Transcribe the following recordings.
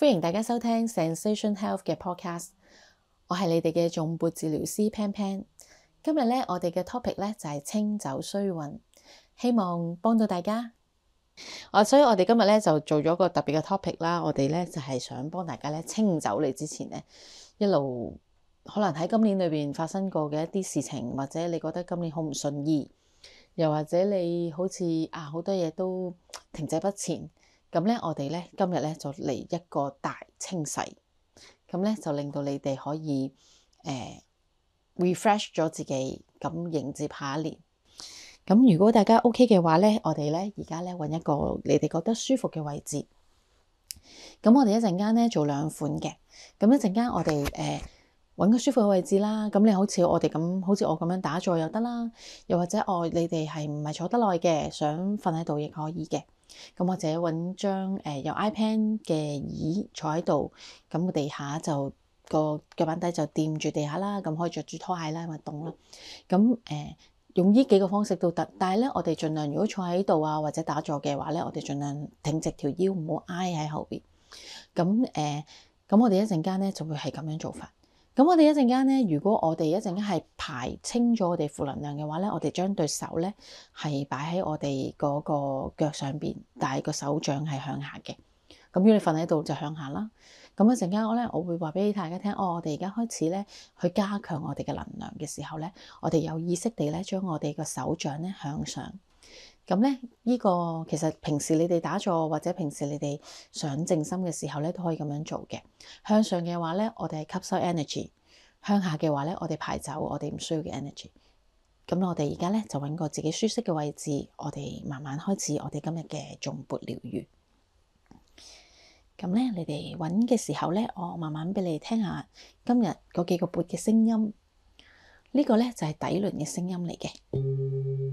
歡迎大家收聽 Zensation Health 嘅 podcast，我係你哋嘅頌缽治療師 Pan Pan。今日咧，我哋嘅 topic 咧就係、是、清走衰運，希望幫到大家。哦、啊，所以我哋今日咧就做咗個特別嘅 topic 啦。我哋咧就係、是、想幫大家咧清走你之前咧，一路可能喺今年裏邊發生過嘅一啲事情，或者你覺得今年好唔順意，又或者你好似啊好多嘢都停滯不前。咁咧，我哋咧今日咧就嚟一個大清洗，咁咧就令到你哋可以誒、呃、refresh 咗自己，咁迎接下一年。咁如果大家 OK 嘅話咧，我哋咧而家咧揾一個你哋覺得舒服嘅位置。咁我哋一陣間咧做兩款嘅，咁一陣間我哋誒揾個舒服嘅位置啦。咁你好似我哋咁，好似我咁樣打坐又得啦，又或者我、哦、你哋係唔係坐得耐嘅，想瞓喺度亦可以嘅。咁或者揾張誒、呃、有 iPad 嘅椅坐喺度，咁個地下就個腳板底就掂住地下啦，咁可以着住拖鞋啦，唔凍啦。咁誒、呃、用呢幾個方式都得，但係咧我哋盡量，如果坐喺度啊或者打坐嘅話咧，我哋盡量挺直條腰，唔好挨喺後邊。咁誒，咁、呃、我哋一陣間咧就會係咁樣做法。咁我哋一陣間咧，如果我哋一陣間係排清咗我哋負能量嘅話咧，我哋將對手咧係擺喺我哋嗰個腳上邊，但係個手掌係向下嘅。咁如果你瞓喺度就向下啦。咁一陣間我咧，我會話俾大家聽，哦，我哋而家開始咧去加強我哋嘅能量嘅時候咧，我哋有意識地咧將我哋個手掌咧向上。咁咧，呢、這個其實平時你哋打坐或者平時你哋想靜心嘅時候咧，都可以咁樣做嘅。向上嘅話咧，我哋係吸收 energy；向下嘅話咧，我哋排走我哋唔需要嘅 energy。咁我哋而家咧就揾個自己舒適嘅位置，我哋慢慢開始我哋今日嘅頌缽療愈。咁咧，你哋揾嘅時候咧，我慢慢俾你哋聽下今日嗰幾個缽嘅聲音。這個、呢個咧就係、是、底輪嘅聲音嚟嘅。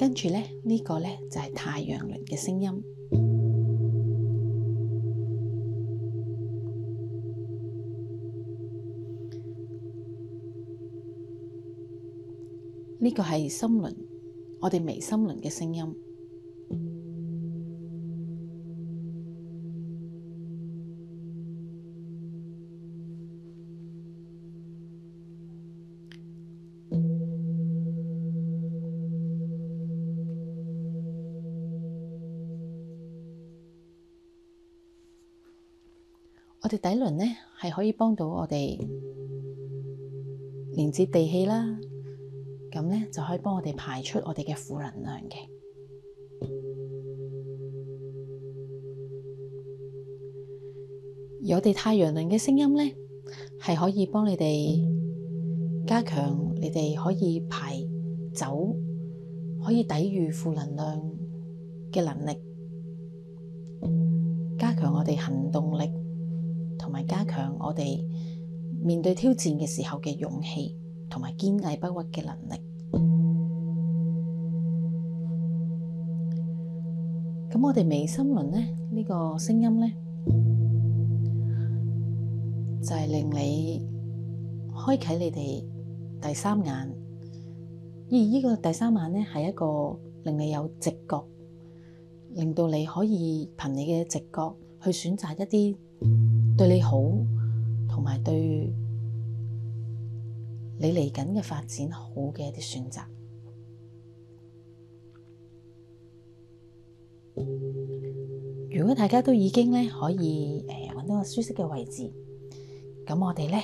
跟住咧，這個、呢個咧就係、是、太陽輪嘅聲音。呢個係心輪，我哋微心輪嘅聲音。我哋底輪咧係可以幫到我哋連接地氣啦，咁咧就可以幫我哋排出我哋嘅負能量嘅。而我哋太陽輪嘅聲音咧係可以幫你哋加強，你哋可以排走，可以抵禦負能量嘅能力，加強我哋行動力。同埋加強我哋面對挑戰嘅時候嘅勇氣，同埋堅毅不屈嘅能力。咁 我哋眉心輪呢，呢、呢個聲音呢，就係、是、令你開啟你哋第三眼。而呢個第三眼呢，係一個令你有直覺，令到你可以憑你嘅直覺去選擇一啲。對你好，同埋對你嚟緊嘅發展好嘅一啲選擇。如果大家都已經咧可以誒搵、呃、到個舒適嘅位置，咁我哋咧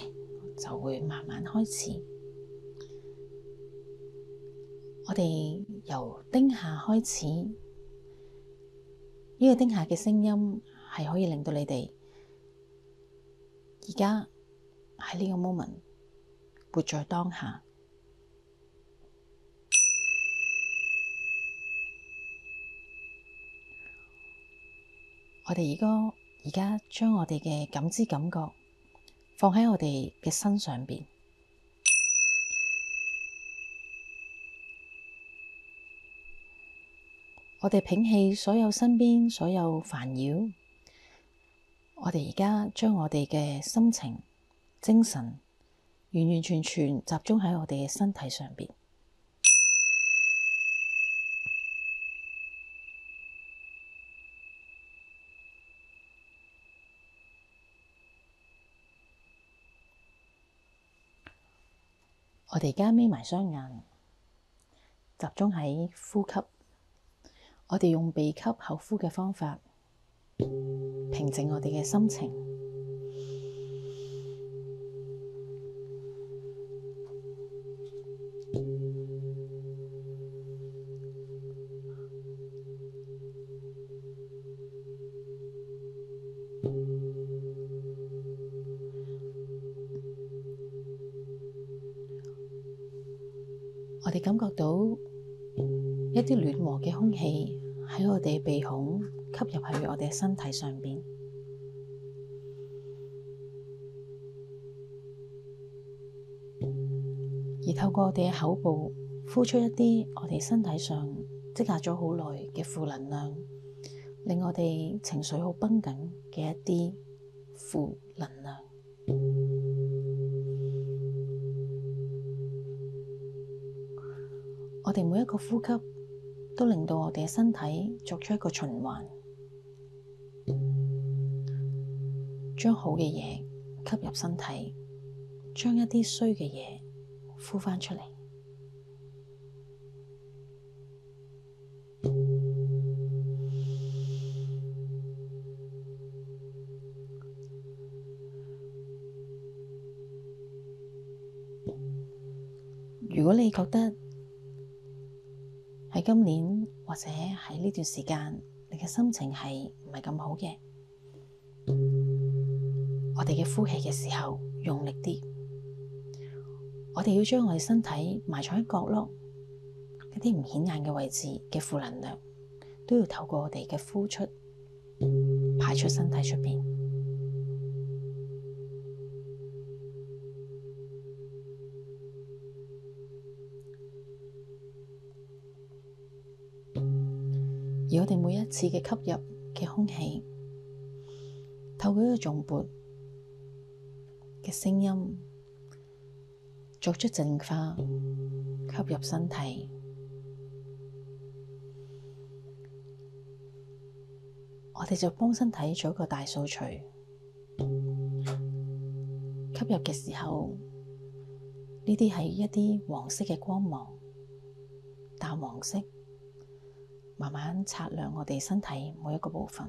就會慢慢開始。我哋由丁夏開始，呢、這個丁夏嘅聲音係可以令到你哋。而家喺呢個 moment，活在當下。我哋而家而家將我哋嘅感知感覺放喺我哋嘅身上面。我哋摒棄所有身邊所有煩擾。我哋而家將我哋嘅心情、精神完完全全集中喺我哋嘅身體上邊。 我哋而家眯埋雙眼，集中喺呼吸。我哋用鼻吸口呼嘅方法。平靜我哋嘅心情。我哋感覺到一啲暖和嘅空氣喺我哋嘅鼻孔。吸入喺我哋嘅身體上邊，而透過我哋嘅口部呼出一啲我哋身體上積壓咗好耐嘅負能量，令我哋情緒好繃緊嘅一啲負能量。我哋每一個呼吸都令到我哋嘅身體作出一個循環。將好嘅嘢吸入身體，將一啲衰嘅嘢呼翻出嚟。如果你覺得喺今年或者喺呢段時間，你嘅心情係唔係咁好嘅？我哋嘅呼氣嘅時候用力啲，我哋要將我哋身體埋藏喺角落一啲唔顯眼嘅位置嘅負能量，都要透過我哋嘅呼出排出身體出邊。而我哋每一次嘅吸入嘅空氣，透過一個頌缽。嘅聲音作出淨化，吸入身體，我哋就幫身體做一個大掃除。吸入嘅時候，呢啲係一啲黃色嘅光芒，淡黃色，慢慢擦亮我哋身體每一個部分。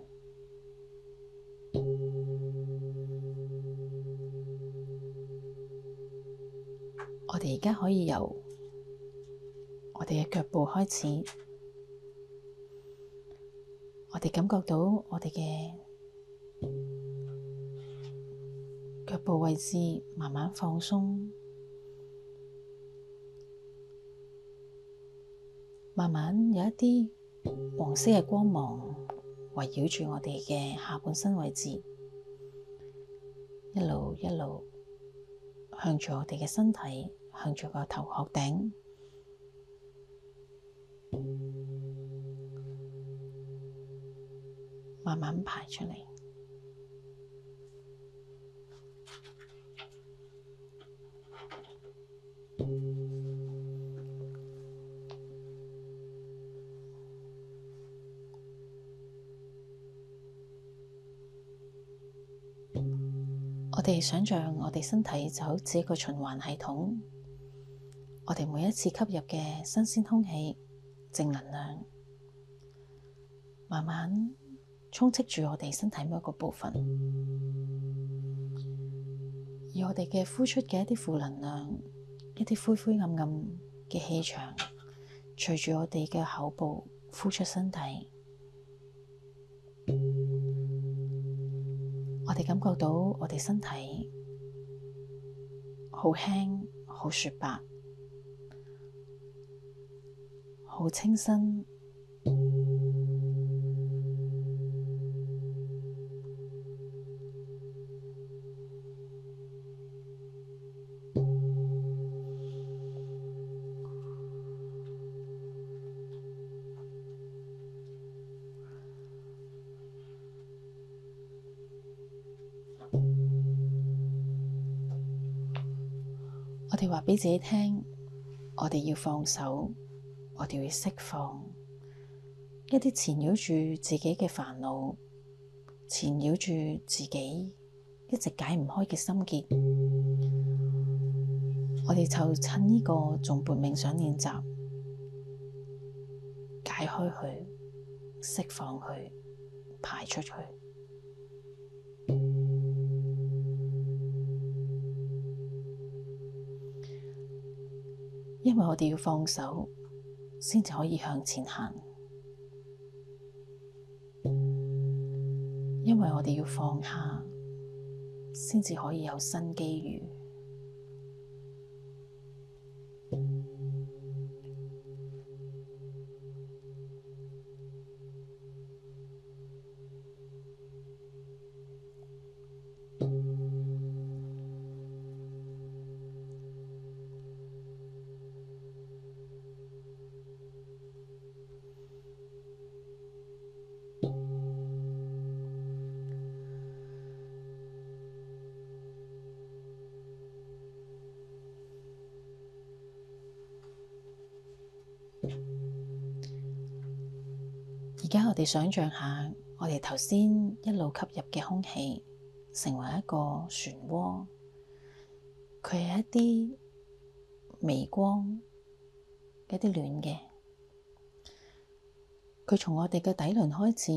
而家可以由我哋嘅腳部開始，我哋感覺到我哋嘅腳部位置慢慢放鬆，慢慢有一啲黃色嘅光芒圍繞住我哋嘅下半身位置，一路一路向住我哋嘅身體。向住個頭殼頂，慢慢排出嚟。我哋想象我哋身體就好似個循環系統。我哋每一次吸入嘅新鮮空氣、正能量，慢慢充斥住我哋身體每一個部分；而我哋嘅呼出嘅一啲負能量、一啲灰灰暗暗嘅氣場，隨住我哋嘅口部呼出身體，我哋感覺到我哋身體好輕、好雪白。好清新。我哋話畀自己聽，我哋要放手。我哋會釋放一啲纏繞住自己嘅煩惱，纏繞住自己一直解唔開嘅心結。我哋就趁呢個頌缽冥想練習，解開佢、釋放佢、排出去。因為我哋要放手。先至可以向前行，因為我哋要放下，先至可以有新機遇。想象下，我哋頭先一路吸入嘅空氣，成為一個漩渦，佢係一啲微光，一啲暖嘅，佢從我哋嘅底輪開始，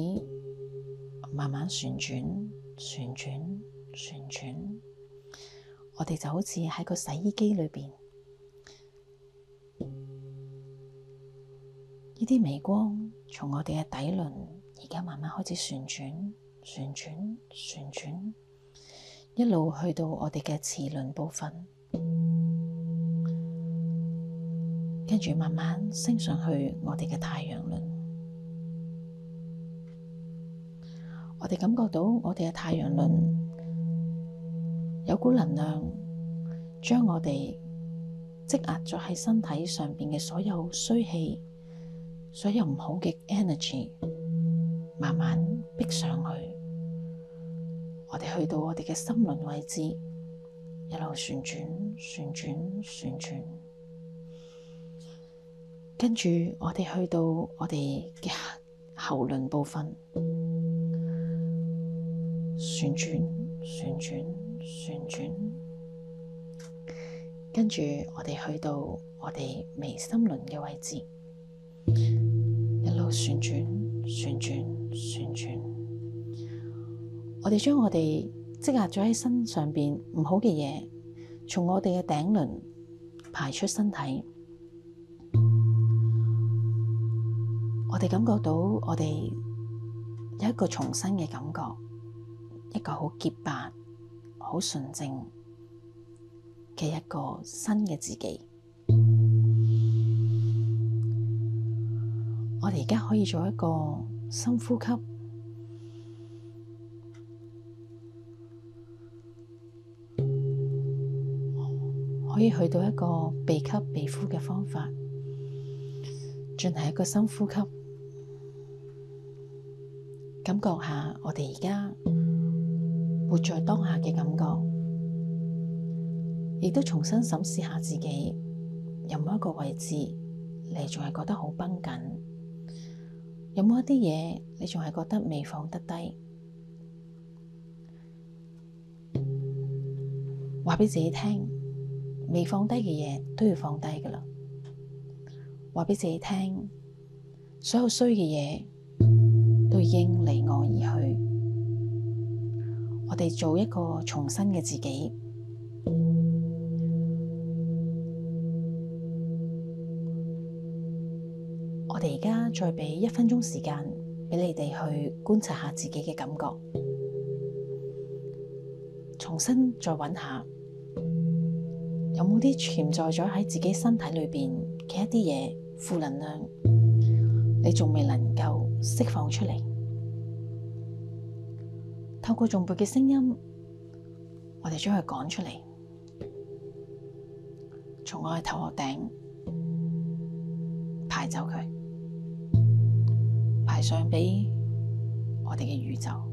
慢慢旋轉、旋轉、旋轉，旋轉，我哋就好似喺個洗衣機裏邊，呢啲微光。從我哋嘅底輪而家慢慢開始旋轉，旋轉，旋轉，一路去到我哋嘅臍輪部分，跟住慢慢升上去我哋嘅太陽輪。我哋感覺到我哋嘅太陽輪有股能量，將我哋積壓咗喺身體上邊嘅所有衰氣。所有唔好嘅 energy 慢慢逼上去，我哋去到我哋嘅心輪位置，一路旋轉、旋轉、旋轉，跟住我哋去到我哋嘅喉輪部分，旋轉、旋轉、旋轉，跟住我哋去到我哋眉心輪嘅位置。旋轉，旋轉，旋轉。 我哋將我哋積壓咗喺身上邊唔好嘅嘢，從我哋嘅頂輪排出身體。 我哋感覺到我哋有一個重新嘅感覺，一個好潔白、好純淨嘅一個新嘅自己。我哋而家可以做一個深呼吸，可以去到一個鼻吸鼻呼嘅方法，進行一個深呼吸，感覺下我哋而家活在當下嘅感覺，亦都重新審視下自己，任何一個位置你仲係覺得好繃緊。有冇一啲嘢你仲係覺得未放得低？話畀自己聽，未放低嘅嘢都要放低㗎喇。話畀自己聽，所有衰嘅嘢都已經離我而去。我哋做一個重新嘅自己。再畀一分鐘時間畀你哋去觀察下自己嘅感覺，重新再揾下，有冇啲潛在咗喺自己身體裏邊嘅一啲嘢、負能量，你仲未能夠釋放出嚟？透過頌缽嘅聲音，我哋將佢講出嚟，從我嘅頭殼頂排走佢。上俾我哋嘅宇宙。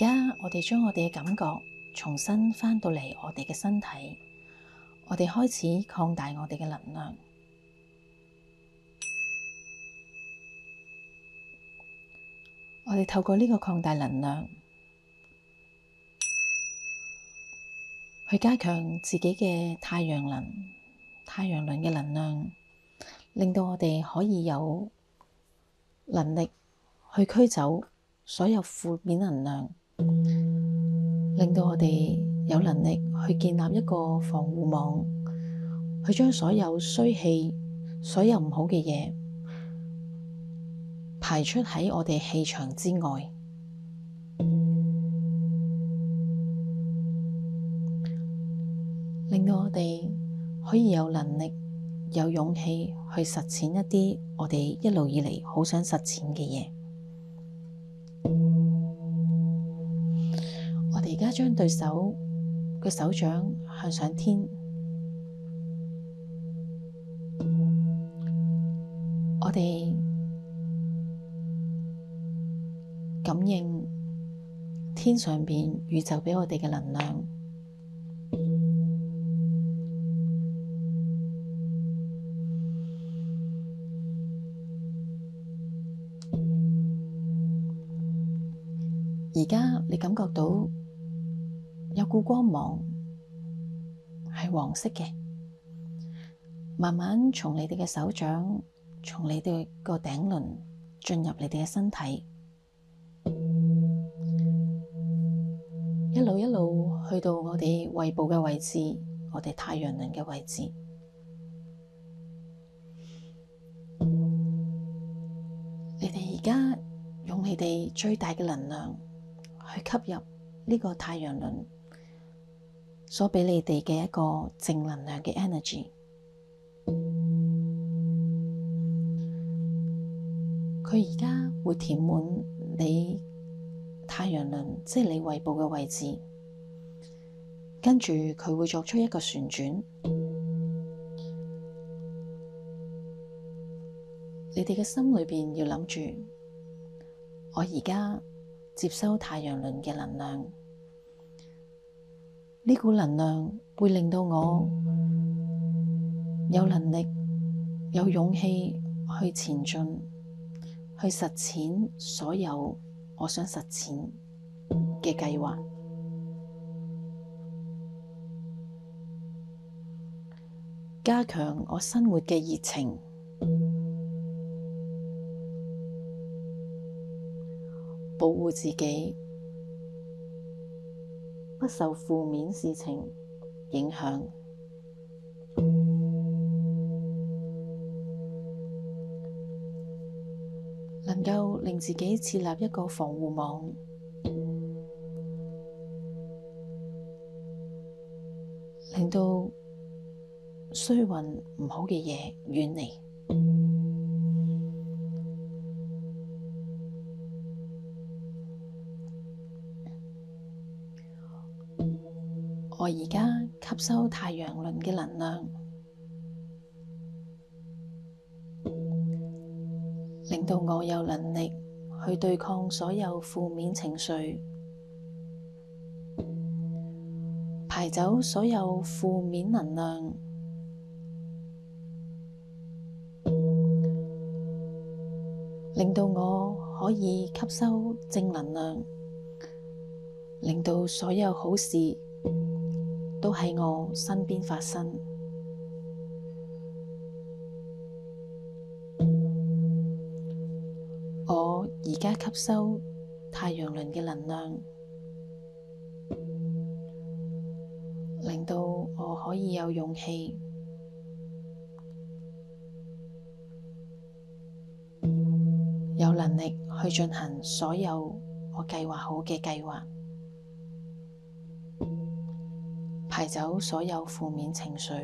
而家我哋將我哋嘅感覺重新翻到嚟，我哋嘅身體，我哋開始擴大我哋嘅能量。我哋透過呢個擴大能量去加強自己嘅太陽輪。太陽輪嘅能量，令到我哋可以有能力去驅走所有負面能量。令到我哋有能力去建立一個防護網，去將所有衰氣、所有唔好嘅嘢排出喺我哋氣場之外，令到我哋可以有能力、有勇氣去實踐一啲我哋一路以嚟好想實踐嘅嘢。而家將對手嘅手掌向上天，我哋感應天上邊宇宙畀我哋嘅能量。而家你感覺到？故光芒係黃色嘅，慢慢從你哋嘅手掌，從你哋個頂輪進入你哋嘅身體，一路一路去到我哋胃部嘅位置，我哋太陽輪嘅位置。你哋而家用你哋最大嘅能量去吸入呢個太陽輪。所畀你哋嘅一個正能量嘅 energy，佢而家會填滿你太陽輪，即係你胃部嘅位置，跟住佢會作出一個旋轉。你哋嘅心裏邊要諗住，我而家接收太陽輪嘅能量。呢股能量會令到我有能力，有勇氣去前進，去實踐所有我想實踐嘅計劃，加強我生活嘅熱情，保護自己。不受負面事情影響，能夠令自己設立一個防護網，令到衰運唔好嘅嘢遠離。而家吸收太陽輪嘅能量，令到我有能力去對抗所有負面情緒，排走所有負面能量，令到我可以吸收正能量，令到所有好事。都喺我身邊發生。我而家吸收太陽輪嘅能量，令到我可以有勇氣，有能力去進行所有我計劃好嘅計劃。排走所有負面情緒，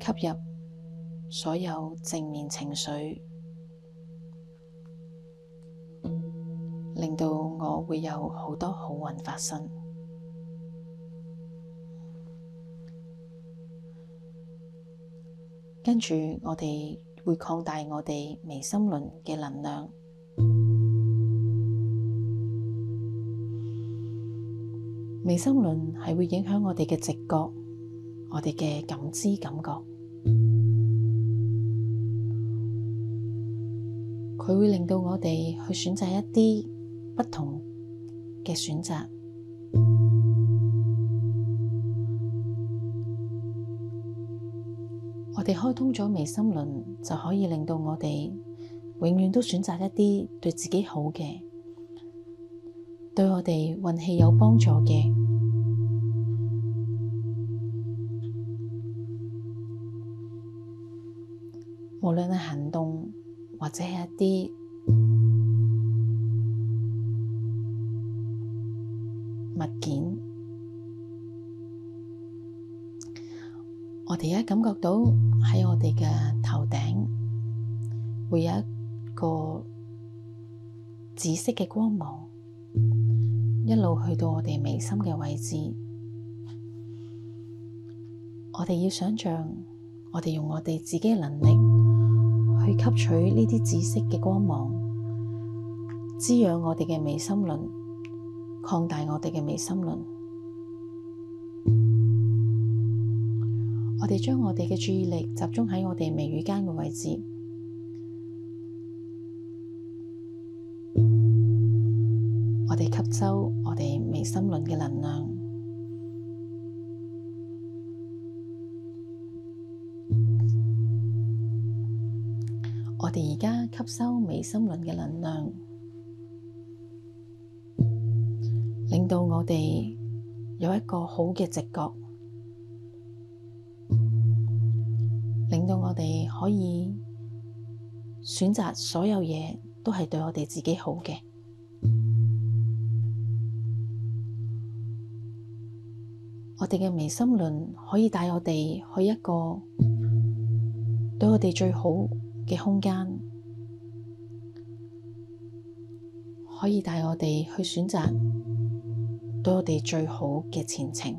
吸入所有正面情緒，令到我會有好多好運發生。跟住，我哋會擴大我哋微心輪嘅能量。微心輪係會影響我哋嘅直覺，我哋嘅感知感覺，佢會令到我哋去選擇一啲不同嘅選擇。我哋開通咗眉心輪，就可以令到我哋永遠都選擇一啲對自己好嘅。對我哋運氣有幫助嘅，無論係行動或者係一啲物件，我哋而家感覺到喺我哋嘅頭頂會有一個紫色嘅光芒。一路去到我哋眉心嘅位置，我哋要想象，我哋用我哋自己嘅能力去吸取呢啲紫色嘅光芒，滋養我哋嘅眉心輪，擴大我哋嘅眉心輪。我哋將我哋嘅注意力集中喺我哋眉宇間嘅位置。我哋吸收我哋眉心輪嘅能量，我哋而家吸收眉心輪嘅能量，令到我哋有一個好嘅直覺，令到我哋可以選擇所有嘢都係對我哋自己好嘅。我哋嘅眉心輪可以帶我哋去一個對我哋最好嘅空間，可以帶我哋去選擇對我哋最好嘅前程。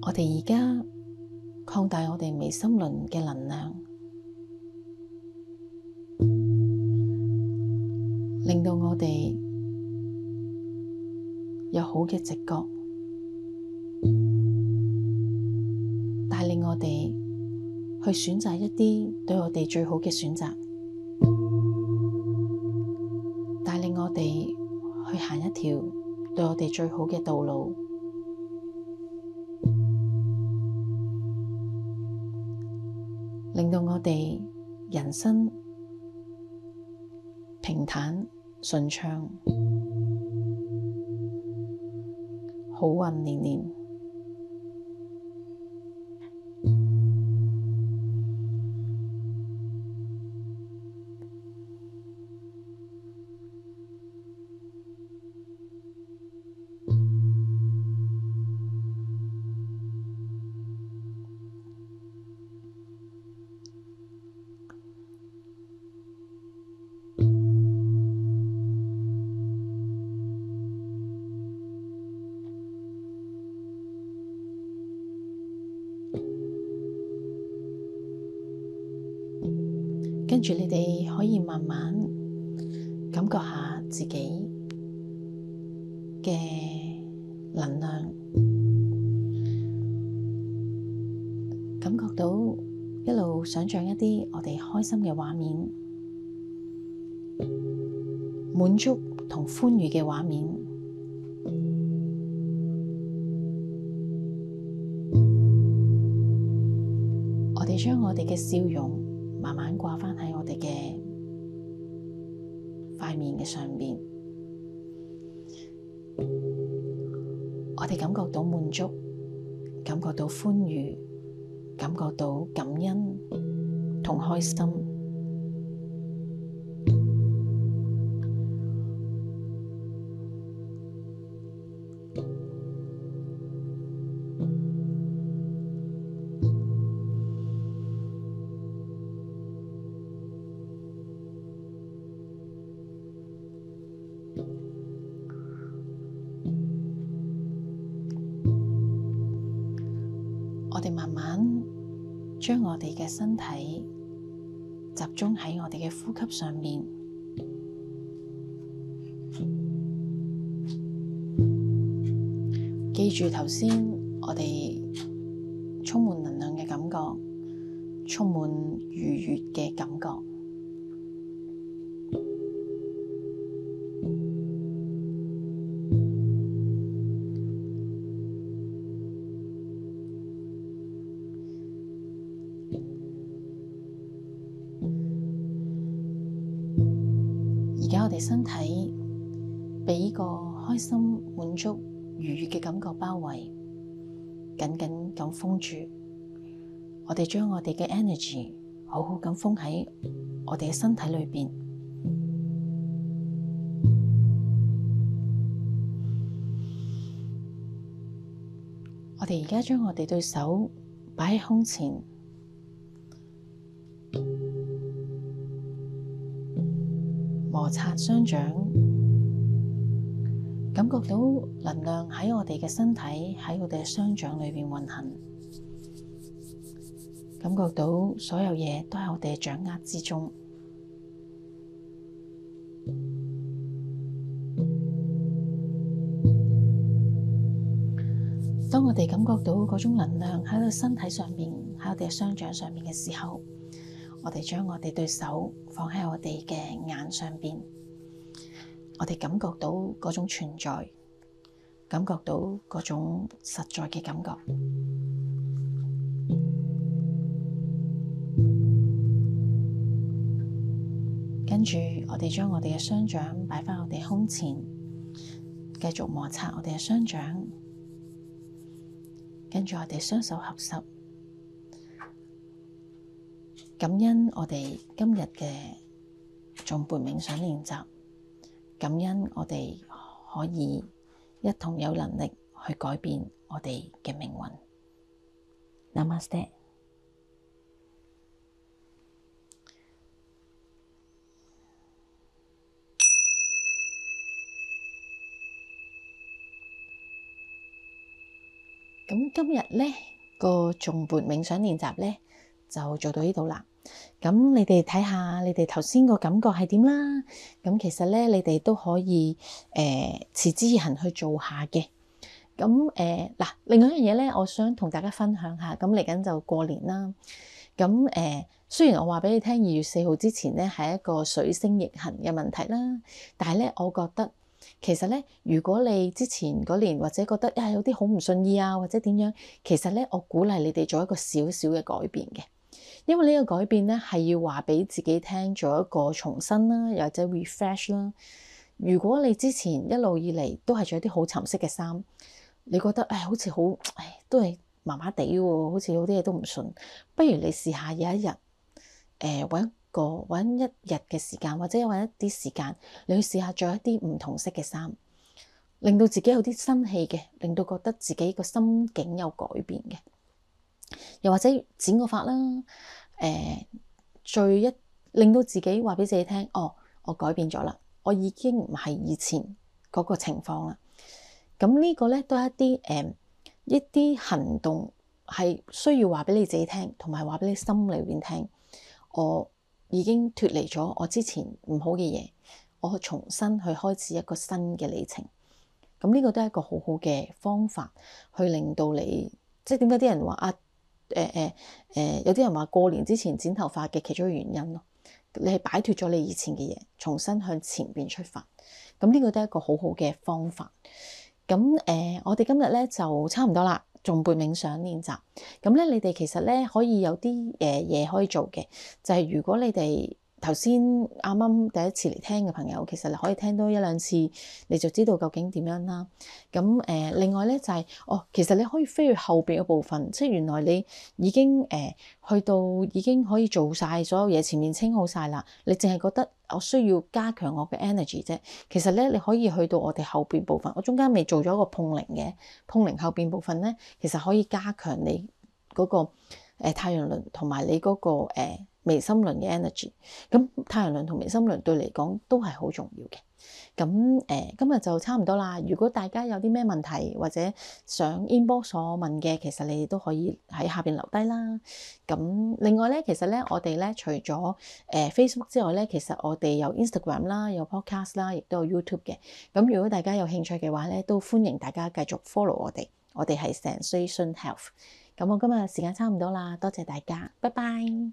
我哋而家擴大我哋眉心輪嘅能量。我哋有好嘅直覺，帶領我哋去選擇一啲對我哋最好嘅選擇，帶領我哋去行一條對我哋最好嘅道路。順暢，好運年年。住你哋可以慢慢感覺下自己嘅能量，感覺到一路想象一啲我哋開心嘅畫面，滿足同歡愉嘅畫面。我哋將我哋嘅笑容。慢慢掛翻喺我哋嘅塊面嘅上面。我哋感覺到滿足，感覺到歡愉，感覺到感恩同開心。身體集中喺我哋嘅呼吸上面，記住頭先我哋充滿能量嘅感覺，充滿愉悦嘅感覺。我哋身體俾個開心、滿足、愉悦嘅感覺包圍，緊緊咁封住。我哋將我哋嘅 energy 好好咁封喺我哋嘅身體裏邊。我哋而家將我哋對手擺喺胸前。擦雙掌，感覺到能量喺我哋嘅身體喺我哋嘅雙掌裏面運行，感覺到所有嘢都喺我哋嘅掌握之中。當我哋感覺到嗰種能量喺我哋身體上面，喺我哋嘅雙掌上面嘅時候。我哋將我哋對手放喺我哋嘅眼上邊，我哋感覺到嗰種存在，感覺到嗰種實在嘅感覺。跟住我哋將我哋嘅雙掌擺翻我哋胸前，繼續摩擦我哋嘅雙掌。跟住我哋雙手合十。感恩我哋今日嘅頌缽冥想練習，感恩我哋可以一同有能力去改變我哋嘅命運。Namaste。咁今日咧個頌缽冥想練習咧就做到呢度啦。咁你哋睇下，你哋頭先個感覺係點啦？咁其實咧，你哋都可以誒、呃，持之以恒去做下嘅。咁誒，嗱、呃，另外一樣嘢咧，我想同大家分享下。咁嚟緊就過年啦。咁誒、呃，雖然我話俾你聽，二月四號之前咧係一個水星逆行嘅問題啦，但係咧，我覺得其實咧，如果你之前嗰年或者覺得啊、呃、有啲好唔順意啊，或者點樣，其實咧，我鼓勵你哋做一個少少嘅改變嘅。因為呢個改變咧，係要話俾自己聽，做一個重新啦，又或者 refresh 啦。如果你之前一路以嚟都係著啲好沉色嘅衫，你覺得誒好似好，誒都係麻麻地喎，好似、哎、有啲嘢都唔順。不如你試下有一日，誒、呃、揾一個揾一日嘅時間，或者揾一啲時間，你去試下着一啲唔同色嘅衫，令到自己有啲新氣嘅，令到覺得自己個心境有改變嘅。又或者剪個髮啦，誒、呃，最一令到自己話俾自己聽，哦，我改變咗啦，我已經唔係以前嗰個情況啦。咁呢個咧都係一啲誒、呃，一啲行動係需要話俾你自己聽，同埋話俾你心裏邊聽，我已經脫離咗我之前唔好嘅嘢，我重新去開始一個新嘅旅程。咁呢個都係一個好好嘅方法，去令到你，即係點解啲人話啊？誒誒誒，有啲人話過年之前剪頭髮嘅其中一個原因咯，你係擺脫咗你以前嘅嘢，重新向前邊出發，咁呢個都係一個好好嘅方法。咁誒、呃，我哋今日咧就差唔多啦，頌缽冥想練習。咁咧，你哋其實咧可以有啲誒嘢可以做嘅，就係、是、如果你哋。頭先啱啱第一次嚟聽嘅朋友，其實你可以聽多一兩次，你就知道究竟點樣啦。咁誒、呃，另外咧就係、是、哦，其實你可以飛去後邊嘅部分，即係原來你已經誒、呃、去到已經可以做晒所有嘢，前面清好晒啦。你淨係覺得我需要加強我嘅 energy 啫。其實咧，你可以去到我哋後邊部分，我中間未做咗一個碰鈴嘅碰鈴後邊部分咧，其實可以加強你嗰、那個、呃、太陽輪同埋你嗰、那個、呃眉心輪嘅 energy，咁太陽輪同眉心輪對嚟講都係好重要嘅。咁誒、呃，今日就差唔多啦。如果大家有啲咩問題或者想 inbox 問嘅，其實你哋都可以喺下邊留低啦。咁另外咧，其實咧我哋咧除咗誒、呃、Facebook 之外咧，其實我哋有 Instagram 啦，有 Podcast 啦，亦都有 YouTube 嘅。咁如果大家有興趣嘅話咧，都歡迎大家繼續 follow 我哋。我哋係 Zensation Health。咁我今日時間差唔多啦，多謝大家，拜拜。